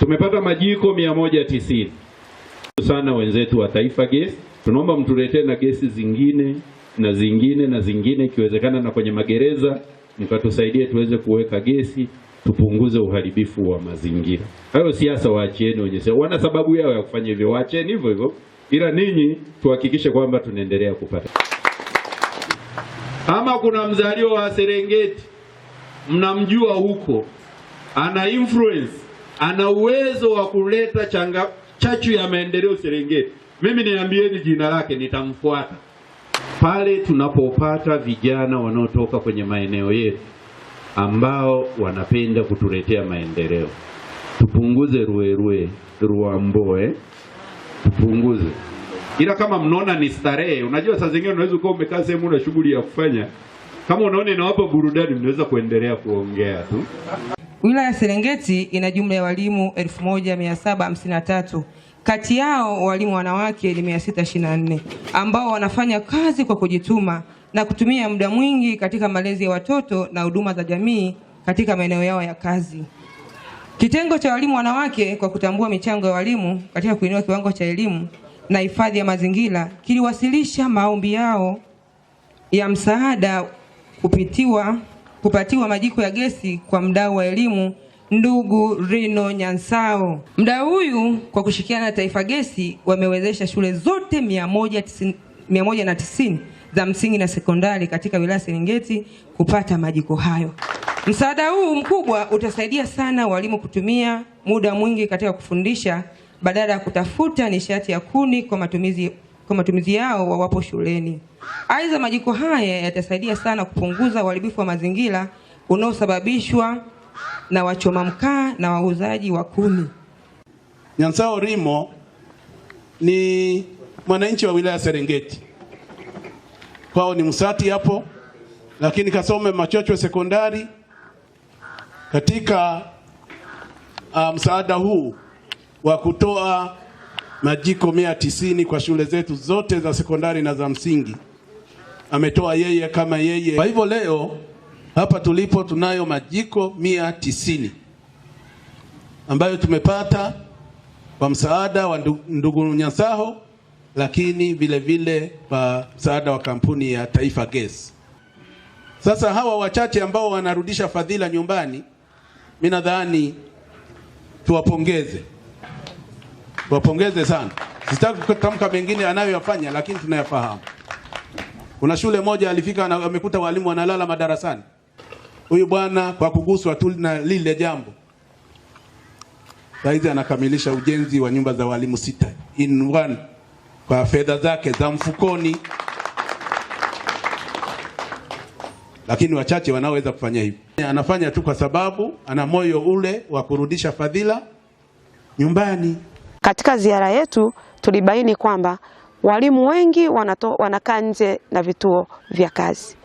Tumepata majiko mia moja tisini sana wenzetu wa Taifa Gesi, tunaomba mtuletee na gesi zingine na zingine na zingine, ikiwezekana na kwenye magereza mkatusaidie tuweze kuweka gesi, tupunguze uharibifu wa mazingira. Hayo siasa waachieni wenye siasa, wana sababu yao ya kufanya hivyo, waacheni hivyo hivyo, ila ninyi tuhakikishe kwamba tunaendelea kupata. Ama kuna mzaliwa wa Serengeti mnamjua huko, ana influence ana uwezo wa kuleta changa, chachu ya maendeleo Serengeti. Mimi niambieni jina lake nitamfuata pale tunapopata vijana wanaotoka kwenye maeneo yetu ambao wanapenda kutuletea maendeleo. Tupunguze ruerue ruamboe, tupunguze ila kama mnaona ni starehe, unajua saa zingine unaweza ukawa umekaa sehemu na shughuli ya kufanya, kama unaona inawapa burudani, mnaweza kuendelea kuongea tu. Wilaya ya Serengeti ina jumla ya walimu 1753 kati yao walimu wanawake ni 624 ambao wanafanya kazi kwa kujituma na kutumia muda mwingi katika malezi ya watoto na huduma za jamii katika maeneo yao ya kazi. Kitengo cha walimu wanawake kwa kutambua michango ya walimu katika kuinua kiwango cha elimu na hifadhi ya mazingira kiliwasilisha maombi yao ya msaada kupitiwa kupatiwa majiko ya gesi kwa mdau wa elimu ndugu Rino Nyansao. Mdau huyu kwa kushirikiana na Taifa Gesi wamewezesha shule zote 190 za msingi na sekondari katika wilaya Serengeti kupata majiko hayo. Msaada huu mkubwa utasaidia sana walimu kutumia muda mwingi katika kufundisha badala ya kutafuta nishati ya kuni kwa matumizi kwa matumizi yao wawapo shuleni. Aidha, majiko haya yatasaidia sana kupunguza uharibifu wa mazingira unaosababishwa na wachoma mkaa na wauzaji wa kuni. Nyansao Rimo ni mwananchi wa wilaya Serengeti, kwao ni Msati hapo, lakini kasome Machochwe sekondari. Katika uh, msaada huu wa kutoa majiko mia tisini kwa shule zetu zote za sekondari na za msingi, ametoa yeye kama yeye. Kwa hivyo leo hapa tulipo tunayo majiko mia tisini ambayo tumepata kwa msaada wa ndugu Nyasaho, lakini vile vile kwa msaada wa kampuni ya Taifa Gas. Sasa hawa wachache ambao wanarudisha fadhila nyumbani, mimi nadhani tuwapongeze wapongeze sana. Sitaki kutamka mengine anayoyafanya, lakini tunayafahamu. Kuna shule moja alifika na amekuta walimu wanalala madarasani. Huyu bwana kwa kuguswa tu na lile jambo, saizi anakamilisha ujenzi wa nyumba za walimu sita in one kwa fedha zake za mfukoni, lakini wachache wanaoweza kufanya hivyo. Anafanya tu kwa sababu ana moyo ule wa kurudisha fadhila nyumbani. Katika ziara yetu tulibaini kwamba walimu wengi wanato, wanakaa nje na vituo vya kazi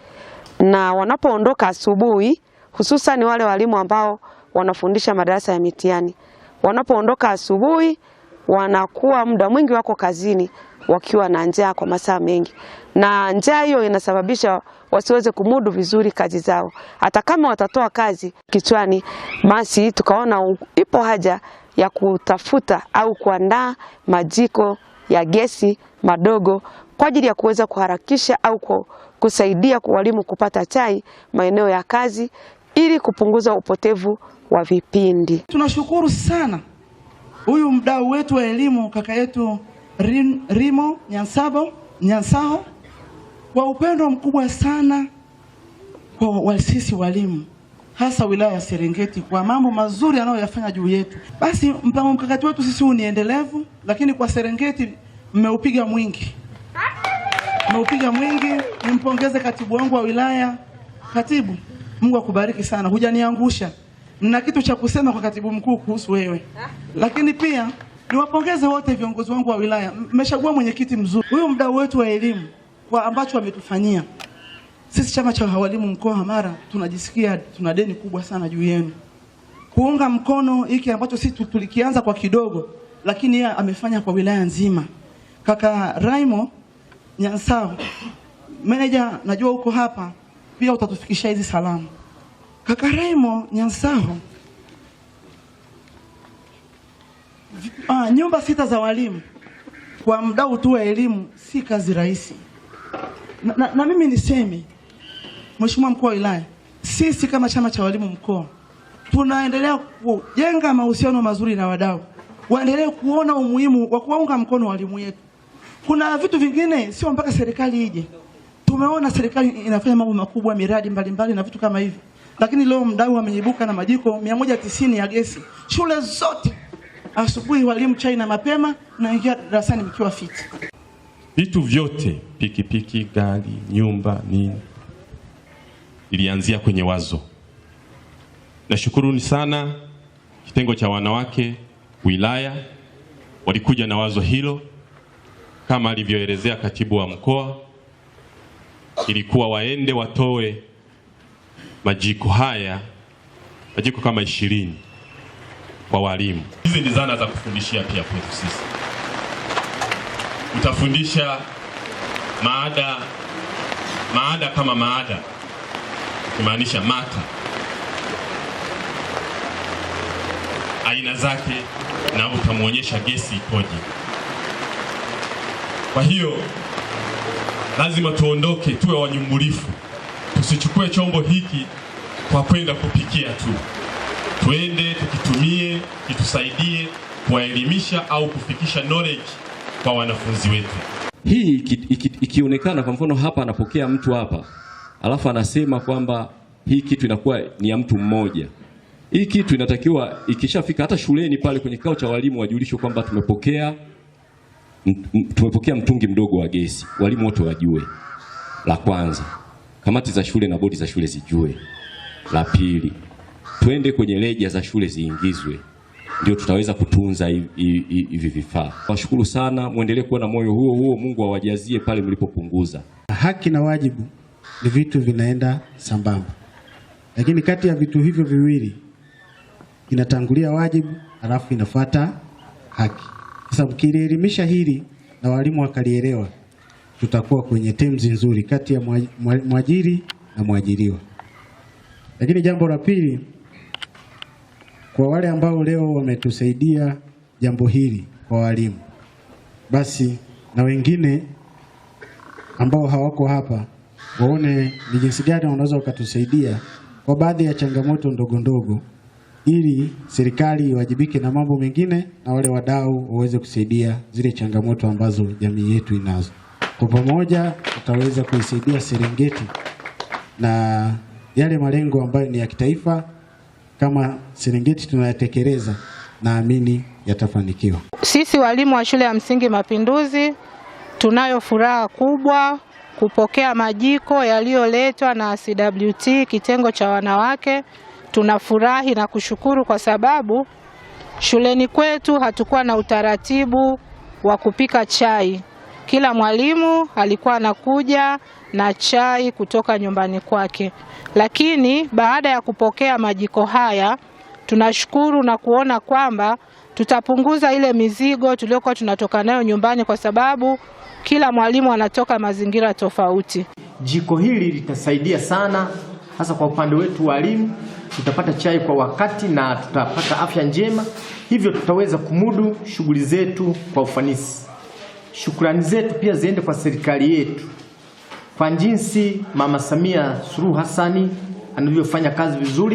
na wanapoondoka asubuhi, hususan wale walimu ambao wanafundisha madarasa ya mitihani, wanapoondoka asubuhi wanakuwa muda mwingi wako kazini wakiwa na njaa kwa masaa mengi, na njaa hiyo inasababisha wasiweze kumudu vizuri kazi zao. Hata kama watatoa kazi kichwani, basi tukaona ipo haja ya kutafuta au kuandaa majiko ya gesi madogo kwa ajili ya kuweza kuharakisha au kusaidia kwa walimu kupata chai maeneo ya kazi ili kupunguza upotevu wa vipindi. Tunashukuru sana huyu mdau wetu wa elimu kaka yetu Rim, Rimo Nyansabo, Nyansaho kwa upendo mkubwa sana kwa sisi walimu hasa wilaya ya Serengeti kwa mambo mazuri anayoyafanya juu yetu. Basi mpango mkakati wetu sisi huu ni endelevu, lakini kwa Serengeti mmeupiga mwingi, mmeupiga mwingi. Nimpongeze katibu wangu wa wilaya. Katibu, Mungu akubariki sana, hujaniangusha. Nina kitu cha kusema kwa katibu mkuu kuhusu wewe, lakini pia niwapongeze wote viongozi wangu wa wilaya. Mmechagua mwenyekiti mzuri, huyu mdau wetu wa elimu kwa ambacho ametufanyia sisi chama cha walimu mkoa wa Mara tunajisikia tuna deni kubwa sana juu yenu kuunga mkono hiki ambacho sisi tulikianza kwa kidogo, lakini yeye amefanya kwa wilaya nzima. Kaka Raimo Nyansao, meneja, najua uko hapa pia, utatufikisha hizi salamu. Kaka Raimo Nyansao, ah, nyumba sita za walimu kwa mdau tu wa elimu si kazi rahisi, na, na, na mimi niseme Mheshimiwa mkuu wa wilaya, sisi kama chama cha walimu mkoa tunaendelea kujenga mahusiano mazuri na wadau, waendelee kuona umuhimu wa kuwaunga mkono walimu wetu. Kuna vitu vingine sio mpaka serikali ije. Tumeona serikali inafanya mambo makubwa, miradi mbalimbali mbali, na vitu kama hivyo, lakini leo mdau ameibuka na majiko 190 ya gesi shule zote, asubuhi walimu chai na mapema, naingia darasani mkiwa fiti, vitu vyote pikipiki, piki, gari, nyumba, nini ilianzia kwenye wazo. Nashukuruni sana kitengo cha wanawake wilaya, walikuja na wazo hilo kama alivyoelezea katibu wa mkoa, ilikuwa waende watoe majiko haya, majiko kama ishirini kwa walimu. Hizi ni zana za kufundishia pia kwetu sisi, utafundisha maada maada kama maada kumaanisha Maka, aina zake na utamwonyesha gesi ikoje. Kwa hiyo lazima tuondoke, tuwe wanyumbulifu, tusichukue chombo hiki kwa kwenda kupikia tu, twende tukitumie, kitusaidie kuwaelimisha au kufikisha knowledge kwa wanafunzi wetu. Hii ikionekana iki, iki, kwa mfano hapa anapokea mtu hapa alafu anasema kwamba hii kitu inakuwa ni ya mtu mmoja. Hii kitu inatakiwa ikishafika hata shuleni pale kwenye kikao cha walimu wajulishwe kwamba tumepokea tumepokea mtungi mdogo wa gesi, walimu wote wajue. La kwanza, kamati za shule na bodi za shule zijue. La pili, twende kwenye leja za shule ziingizwe, ndio tutaweza kutunza hivi vifaa. Washukuru sana, muendelee kuwa na moyo huo huo. Mungu awajazie pale mlipopunguza. Haki na wajibu ni vitu vinaenda sambamba, lakini kati ya vitu hivyo viwili inatangulia wajibu halafu inafuata haki. Sasa mkilielimisha hili na walimu wakalielewa, tutakuwa kwenye temzi nzuri kati ya mwajiri na mwajiriwa. Lakini jambo la pili, kwa wale ambao leo wametusaidia jambo hili kwa walimu, basi na wengine ambao hawako hapa waone ni jinsi gani wanaweza wakatusaidia kwa baadhi ya changamoto ndogo ndogo, ili serikali iwajibike na mambo mengine na wale wadau waweze kusaidia zile changamoto ambazo jamii yetu inazo. Kwa pamoja tutaweza kuisaidia Serengeti na yale malengo ambayo ni ya kitaifa. Kama Serengeti tunayatekeleza, naamini yatafanikiwa. Sisi walimu wa Shule ya Msingi Mapinduzi tunayo furaha kubwa kupokea majiko yaliyoletwa na CWT kitengo cha wanawake. Tunafurahi na kushukuru kwa sababu shuleni kwetu hatukuwa na utaratibu wa kupika chai. Kila mwalimu alikuwa anakuja na chai kutoka nyumbani kwake, lakini baada ya kupokea majiko haya tunashukuru na kuona kwamba tutapunguza ile mizigo tuliyokuwa tunatoka nayo nyumbani kwa sababu kila mwalimu anatoka mazingira tofauti. Jiko hili litasaidia sana, hasa kwa upande wetu walimu, tutapata chai kwa wakati na tutapata afya njema, hivyo tutaweza kumudu shughuli zetu kwa ufanisi. Shukrani zetu pia ziende kwa serikali yetu kwa jinsi Mama Samia Suluhu Hassani anavyofanya kazi vizuri.